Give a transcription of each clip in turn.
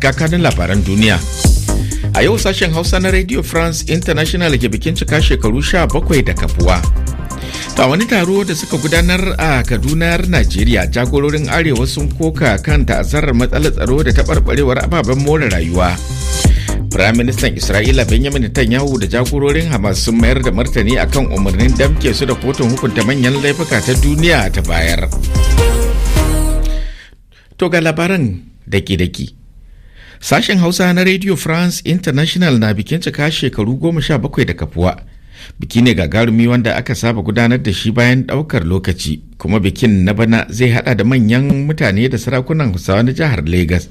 ga labaran duniya. A yau sashen Hausa na Radio France International ke bikin cika shekaru sha bakwai da kafuwa. A wani taro da suka gudanar a Kadunar Najeriya jagororin Arewa sun koka kan ta'azzarar matsalar tsaro da taɓarɓarewar ababen more rayuwa. Firaministan Isra'ila Benjamin Netanyahu da jagororin Hamas sun mayar da martani akan umarnin damke su da kotun hukunta manyan laifuka ta duniya ta bayar. To ga labaran daki-daki. Sashen Hausa na Radio France International na bikin cika shekaru goma sha bakwai da kafuwa. Biki ne gagarumi wanda aka saba gudanar da shi bayan ɗaukar lokaci, kuma bikin na bana zai hada da manyan mutane da sarakunan Hausawa na jihar Legas.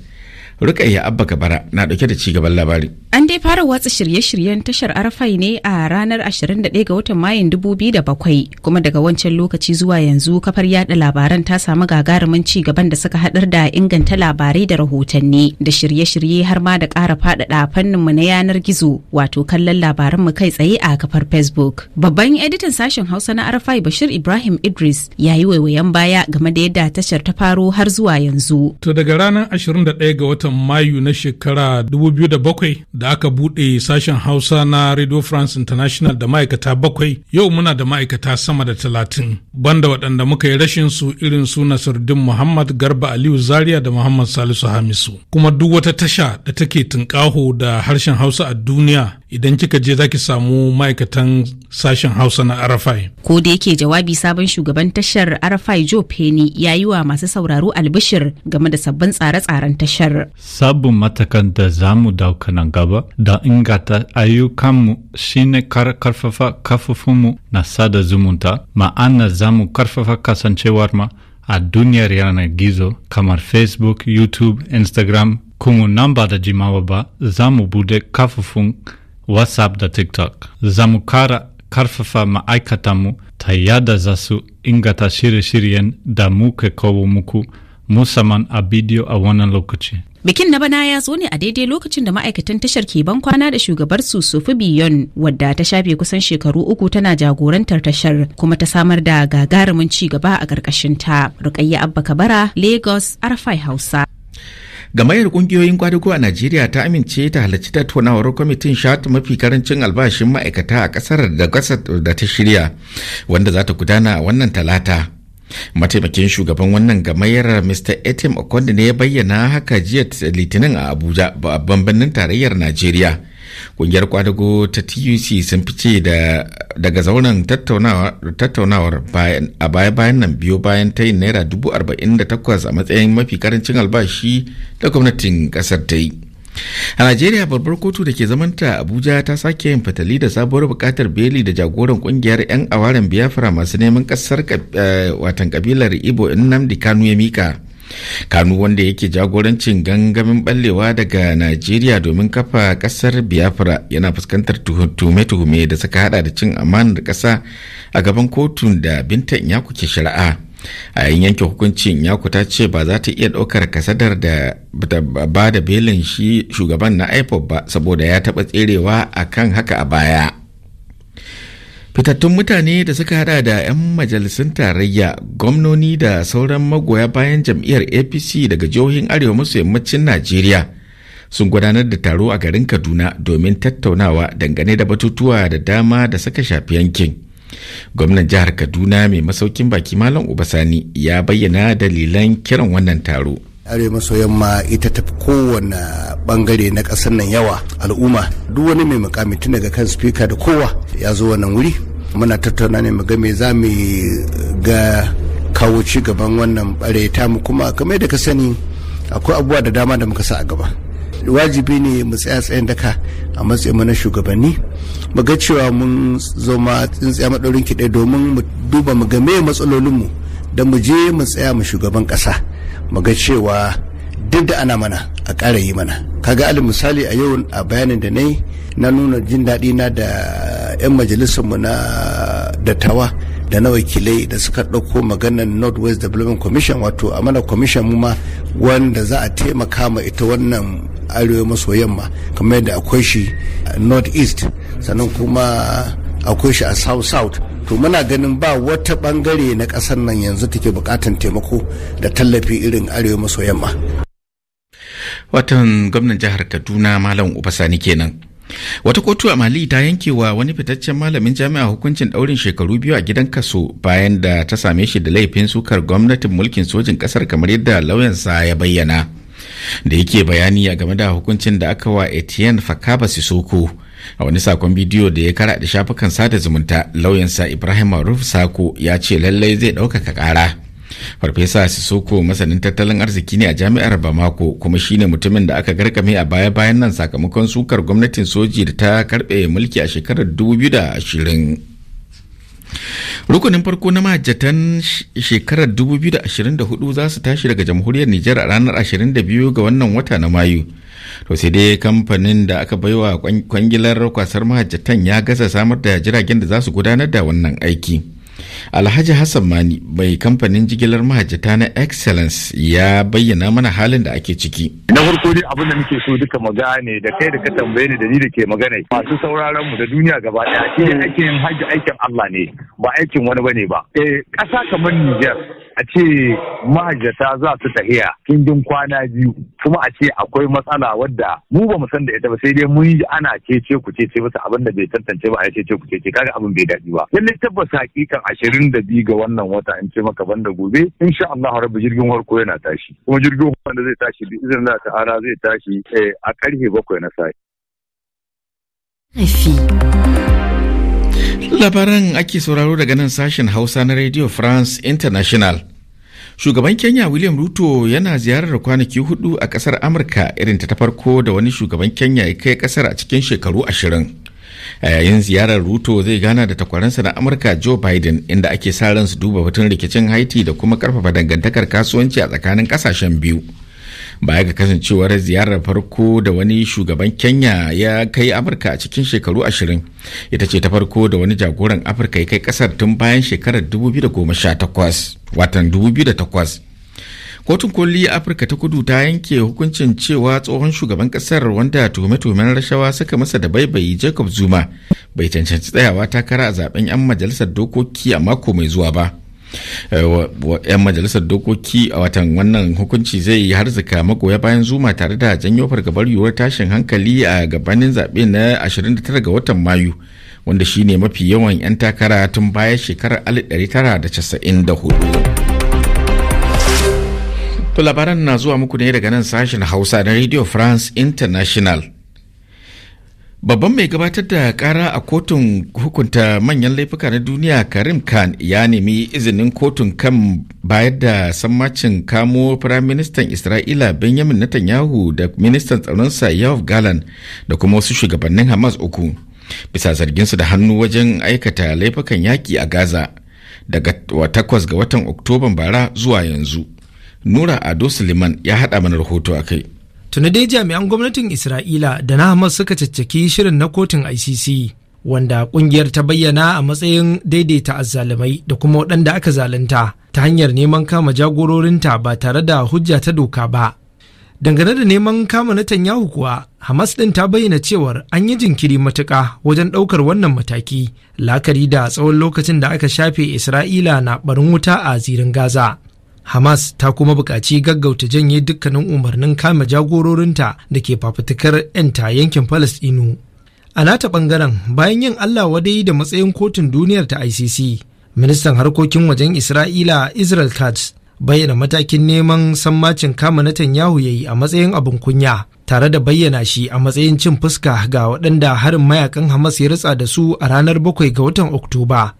Rukayya Abba Kabara na dauke da ci gaban labari. An dai fara watsa shirye-shiryen tashar Arafai ne a ranar 21 ga watan Mayun 2007 kuma daga wancan lokaci zuwa yanzu kafar yada labaran ta samu gagarumin ci gaban da suka hadar da inganta labarai da rahotanni da shirye-shirye har ma da ƙara faɗaɗa fannin mu na yanar gizo wato kallon labaran mu kai tsaye a kafar Facebook. Babban editan sashen Hausa na Arafai Bashir Ibrahim Idris ya yi waiwayen baya game da yadda tashar ta faro har zuwa yanzu. To daga ranar 21 ga watan watan Mayu na shekara 2007 da aka bude sashen Hausa na Radio France International da ma'aikata bakwai yau muna da ma'aikata sama da talatin. Banda waɗanda muka yi rashin su irin su Nasiruddin Muhammad Garba Aliyu Zaria da Muhammad Salisu Hamisu. Kuma duk wata tasha da take tunƙaho da harshen Hausa a duniya idan kika je zaki samu ma'aikatan sashen hausa na arafai ko da yake jawabi sabon shugaban tashar arafai joe Peni ya yi wa masu sauraro albishir game da sabbin tsare-tsaren tashar sabbin matakan da za mu dauka nan gaba da inganta ayyukanmu shine karfafa kafofinmu na sada zumunta ma'ana za mu karfafa kasancewar ma a duniyar yanar gizo kamar facebook youtube instagram kuma nan ba da jimawa ba za mu bude kafofin WhatsApp da TikTok. Za mu kara karfafa ma'aikatanmu ta yada za su ingata shirye-shiryen da muka kawo muku musamman a bidiyo a wannan lokaci. Bikin na bana ya zo ne a daidai lokacin da ma'aikatan tashar ke ban kwana da shugabar su Sufi Biyon wadda ta shafe kusan shekaru uku tana jagorantar tashar kuma ta samar da gagarumin ci gaba a ƙarƙashin ta. Rukayya Abba Kabara, Lagos, Arfai Hausa. Gamayar kungiyoyin kwadugo a Najeriya ta amince ta halarci tattaunawar kwamitin shat mafi karancin albashin ma'aikata a kasar da da ta shirya wanda za ta gudana a wannan talata. Mataimakin shugaban wannan gamayyar Mr. Etim Okonde ne ya bayyana haka jiya Litinin a Abuja babban birnin tarayyar Najeriya. kungiyar kwadago ta tuc sun fice daga zauren tattaunawar a baya-bayan nan biyo bayan ta yin naira dubu arba'in da takwas a matsayin mafi karancin albashi da gwamnatin kasar ta yi a najeriya babbar kotu da ke zamanta abuja ta sake yin fatali da sabuwar bukatar beli da jagoran kungiyar 'yan awaren biafra masu neman kasar eh, watan kabilar ibo nnamdi kanu ya mika kanu wanda yake jagorancin gangamin ballewa daga najeriya domin kafa kasar biafra yana fuskantar tuhume-tuhume da suka hada da cin amanar kasa a gaban kotun da binta inyaku ke shari'a a yayin yanke hukuncin inyaku ta ce ba za ta iya ɗaukar kasadar da ba da belin shi shugaban na ipob ba saboda ya taba tserewa akan haka a baya fitattun mutane da suka hada da 'yan majalisun tarayya gwamnoni da sauran magoya bayan jam'iyyar apc daga jihohin arewa maso yammacin najeriya sun gudanar da taro a garin kaduna domin tattaunawa dangane da batutuwa da dama da suka shafi yankin gwamnan jihar kaduna mai masaukin baki malam ubasani ya bayyana dalilan kiran wannan taro arewa maso yamma ita tafi kowane bangare na ƙasar nan yawa al'umma duk wani mai mukami tun daga kan spika da kowa ya zo wannan wuri muna tattauna ne mu ga za mu ga kawo ci gaban wannan bare ta mu kuma kamar da ka sani akwai abubuwa da dama da muka sa a gaba wajibi ne mu tsaya tsayin daka a matsayin na shugabanni mu ga cewa mun zama tsintsiya maɗaurin kiɗe domin mu duba mu game matsalolinmu da mu je mu tsaya mu shugaban ƙasa mu ga cewa duk da ana mana a ƙara yi mana kaga alin misali a yau a bayanin da na yi na nuna jin daɗi na da 'yan majalisarmu na dattawa da na wakilai da suka ɗauko maganar northwest development commission wato a mana commission mu ma wanda za a taimaka ma ita wannan arewa maso yamma kamar yadda akwai shi a northeast sannan kuma akwai shi a south south to muna ganin ba wata bangare na ƙasar nan yanzu take buƙatan taimako da tallafi irin arewa maso yamma watan gwamnan jihar kaduna malam ubasani kenan wata kotu a mali ta yanke wa wani fitaccen malamin jami'a hukuncin daurin shekaru biyu a gidan kaso bayan da ta same shi da laifin sukar gwamnatin mulkin sojin kasar kamar yadda lauyansa ya bayyana da yake bayani a game da hukuncin da aka wa Etienne Fakaba Sisoko a wani sakon bidiyo da ya kara da shafukan sada zumunta lauyansa Ibrahim Maruf Sako ya ce lallai zai ɗaukaka ƙara. Farfesa Sisoko masanin tattalin arziki ne a jami'ar Bamako kuma shine mutumin da aka garkame a baya-bayan nan sakamakon sukar gwamnatin soji da ta karɓe mulki a shekarar 2020. rukunin farko na mahajjatan shekarar 2024 za su tashi daga jamhuriyar nijar a ranar 22 ga wannan wata na mayu to sai dai kamfanin da aka baiwa kwangilar kwasar mahajjatan ya gasa samar da jiragen da za su gudanar da wannan aiki alhaji hassan mani mai kamfanin jigilar mahajjata na excellence ya bayyana mana halin da ake ciki na farko dai abin da muke so duka magana ne, da kai da ka tambaye ni da ni da ke magana masu sauraron mu da duniya gaba ɗaya shi ne aikin hajji aikin Allah ne ba aikin wani bane ba eh ƙasa kamar Niger a ce ma'ajata za su tahiya kingin kwana biyu kuma a ce akwai matsala wadda mu ba mu san da ita ba sai dai mun yi ana cece ku cece masa abin da bai tantance ba a cece ku cece kaga abin bai daɗi ba lalle tabbas hakikan ashirin da biyu ga wannan wata in ce maka banda gobe insha Allah rabbi jirgin harko yana tashi kuma jirgin wanda zai tashi bi izinin Allah ta'ala zai tashi eh, a karfe bakwai na safe. Labaran ake sauraro daga nan sashen Hausa na Radio France International. shugaban kenya william ruto yana ziyarar kwanaki hudu a kasar amurka irin ta farko da wani shugaban kenya ya kai kasar a cikin shekaru ashirin a yayin ziyarar ruto zai gana da takwaransa na amurka joe biden inda ake sa ran su duba batun rikicin haiti da kuma karfafa dangantakar kasuwanci a tsakanin kasashen biyu baya ga kasancewar ziyarar farko da wani shugaban kenya ya kai amurka a cikin shekaru ashirin ita ce ta farko da wani jagoran afirka ya kai kasar tun bayan shekarar 2018 watan 2008 kotun koli afirka ta kudu ta yanke hukuncin cewa tsohon shugaban kasar wanda tuhume-tuhumen rashawa suka masa da baibayi jacob zuma bai cancanci tsayawa takara a zaben 'yan majalisar dokoki a mako mai zuwa ba Eh, 'yan majalisar dokoki a watan wannan hukunci zai yi harzika magoya bayan zuma tare da janyo fargabar yiwuwar tashin hankali a gabanin zaɓe na 29 ga watan mayu wanda shine mafi yawan 'yan takara tun baya shekarar 1994 To labaran na zuwa muku ne daga nan sashen Hausa na Radio France International. Babban mai gabatar da kara a kotun hukunta manyan laifuka na duniya Karim Khan ya nemi izinin kotun kan bayar da sammacin kamo Firaministan Isra'ila Benjamin Netanyahu da ministan tsaronsa Yoav Galan da kuma wasu shugabannin Hamas uku bisa zarginsu da hannu wajen aikata laifukan yaƙi a Gaza daga takwas ga watan Oktoban bara zuwa yanzu. Nura Ado Suleiman ya haɗa mana rahoto a kai. tuni dai jami'an gwamnatin isra'ila da na hamas suka caccaki shirin na kotun icc wanda kungiyar ta bayyana a matsayin daidaita azzalumai da kuma waɗanda aka zalunta ta hanyar neman kama jagororinta ba tare da hujja ta doka ba dangane da neman kama na Netanyahu kuwa Hamas ɗin ta bayyana cewar an yi jinkiri matuƙa wajen ɗaukar wannan mataki la'akari da tsawon lokacin da aka shafe Isra'ila na barin wuta a zirin Gaza. Hamas ta kuma buƙaci gaggauta janye dukkanin umarnin kama jagororinta da ke fafutukar 'yanta yankin Falasɗinu. A nata ɓangaren bayan yin Allah wadai da matsayin kotun duniyar ta ICC, ministan harkokin wajen Isra'ila Israel Katz bayyana matakin neman sammacin kama Yahu ya yi a matsayin abin kunya tare da bayyana shi a matsayin cin fuska ga waɗanda harin mayakan Hamas ya ritsa da su a ranar 7 ga watan Oktoba.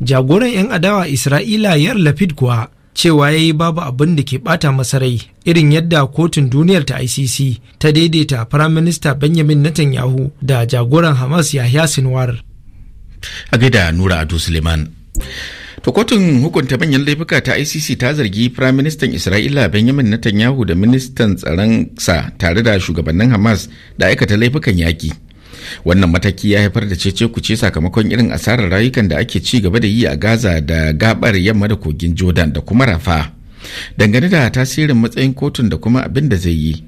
Jagoran 'yan adawa Isra'ila Yar lafid kuwa cewa ya yi babu abin da ke bata masa rai irin yadda kotun duniyar ta icc ta daidaita firaminista benjamin netanyahu da jagoran hamas yahya sinwar a gaida nura ado suleiman To kotun hukunta manyan laifuka ta ICC ta zargi Firaministan Isra'ila Benjamin Netanyahu da ministan tsaron sa tare da shugabannin Hamas da aikata laifukan yaƙi. wannan mataki ya haifar da cece kuce sakamakon irin asarar rayukan da ake ci gaba da yi a gaza da gabar yamma da kogin jordan da kuma rafa dangane da tasirin matsayin kotun da kuma abin da zai yi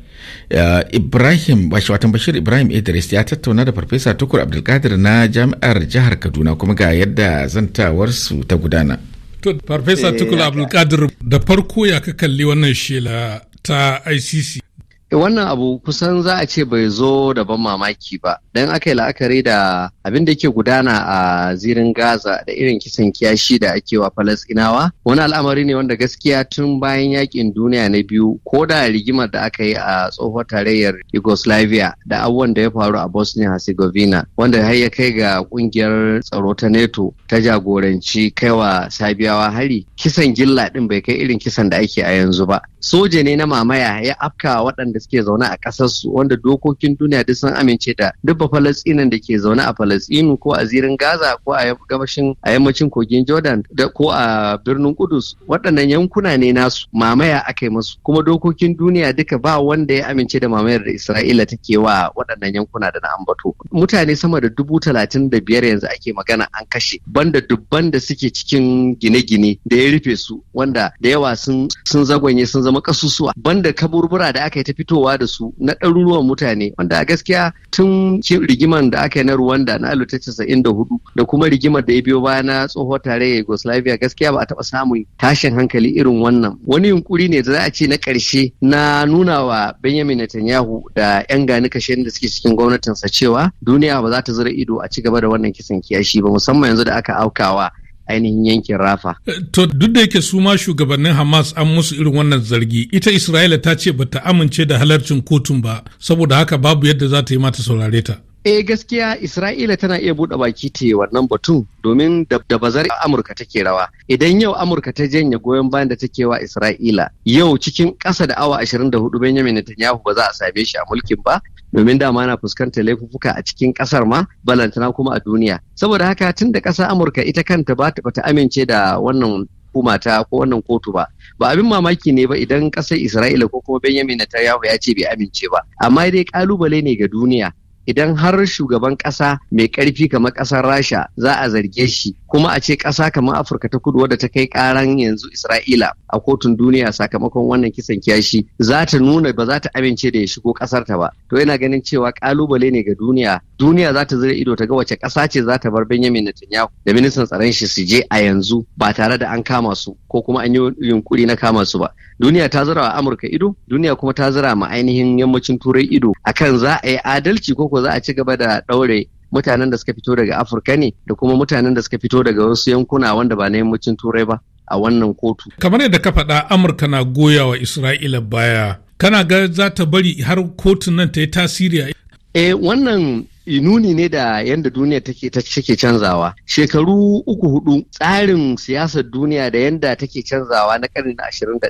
eh, ibrahim watan bashir ibrahim idris ya tattauna da farfesa tukur abdulkadir na jami'ar jihar kaduna kuma ga yadda zantawarsu ta gudana to farfesa tukur eh, abdulkadir da farko ya ka kalli wannan shela ta icc Eh, wannan abu kusan za a ce bai zo da ban mamaki ba don aka yi la'akari da abin da ke gudana a zirin gaza da irin kisan kiyashi da ake wa falasinawa wani al'amari ne wanda gaskiya tun bayan yakin duniya na biyu ko da rigimar da aka yi a tsohuwar tarayyar yugoslavia da abubuwan da ya faru a bosnia herzegovina wanda har ya kai ga kungiyar tsaro ta NATO ta jagoranci kaiwa sabiyawa hari kisan gilla din bai kai irin kisan da ake a yanzu ba soja ne na mamaya ya afka waɗanda suke zaune a ƙasarsu wanda dokokin duniya duk sun amince da duk falastinin da ke zaune a falastinu ko a zirin gaza ko a gabashin a yammacin kogin jordan da ko a birnin kudus waɗannan yankuna ne nasu mamaya aka yi masu kuma dokokin duniya duka ba wanda ya amince da mamayar da isra'ila take wa waɗannan yankuna da na ambato mutane sama da dubu talatin da biyar yanzu ake magana an kashe banda dubban da suke cikin gine-gine da ya rufe su wanda da yawa sun zagwanye sun zama kasusuwa banda kaburbura da aka yi ta fitowa da su na ɗaruruwan mutane wanda a gaskiya tun rigimar da aka yi na Rwanda na casa'in da hudu da kuma rigimar da ya biyo baya na tsohuwar tarayyar Yugoslavia gaskiya ba a taɓa samun tashin hankali irin wannan wani yunkuri ne da za a ce na ƙarshe na nuna wa Benjamin Netanyahu da 'yan gani kashe da suke cikin gwamnatinsa cewa duniya ba za ta zura ido a ci gaba da wannan kisan kiyashi ba musamman yanzu da aka aukawa ainihin yankin rafa. Eh, to duk da yake su ma shugabannin Hamas an musu irin wannan zargi ita Isra'ila ta ce bata amince da halarcin kotun ba saboda haka babu yadda za ta yi mata saurare ta. eh gaskiya isra'ila tana iya buɗe baki ta wannan batun domin da bazar amurka take rawa idan yau amurka ta janye goyon bayan da take wa isra'ila yau cikin ƙasa da awa 24 benjamin netanyahu ba za a same shi a mulkin ba domin dama na fuskantar laifuka a cikin ƙasar ma balantana kuma a duniya saboda haka tun da ƙasa amurka ita kanta ba ta amince da wannan kumata ko wannan kotu ba ba abin mamaki ne ba idan ƙasar isra'ila ko kuma benjamin netanyahu ya ce bai amince ba amma dai kalubale ne ga duniya idan har shugaban ƙasa mai ƙarfi kamar ƙasar rasha za a zarge shi kuma a ce ƙasa kamar afirka ta kudu wadda ta kai ƙaran yanzu isra'ila a kotun duniya sakamakon wannan kisan kiyashi za ta nuna ba za ta amince da ya shigo ƙasar ta ba to yana ganin cewa ƙalubale ne ga duniya duniya za ta zira ido ta ga wace ƙasa ce za ta bar benjamin netanyahu da ministan tsaron shi su je a yanzu ba tare da an kama su ko kuma an yi yunkuri na kama su ba duniya ta zura wa amurka ido duniya kuma ta zura ma ainihin yammacin turai ido akan za a yi adalci ko ko za a ci gaba da ɗaure mutanen da suka fito daga afirka ne da kuma mutanen da suka fito daga wasu yankuna wanda ba na yammacin turai ba a wannan kotu kamar yadda ka faɗa amurka na goya wa isra'ila baya kana ga za ta bari har kotun nan ta yi tasiri eh wannan nuni ne da yadda duniya take cike canzawa shekaru uku hudu tsarin siyasar duniya da yadda take canzawa na karni na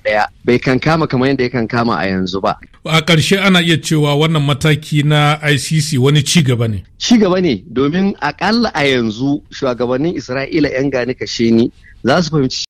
ɗaya bai kankama kamar yadda ya kankama a yanzu ba a ƙarshe ana iya cewa wannan mataki na ICC wani ci gaba ne ci gaba ne domin akalla a yanzu shugabannin Isra'ila 'yan gani kashe ni za su fahimci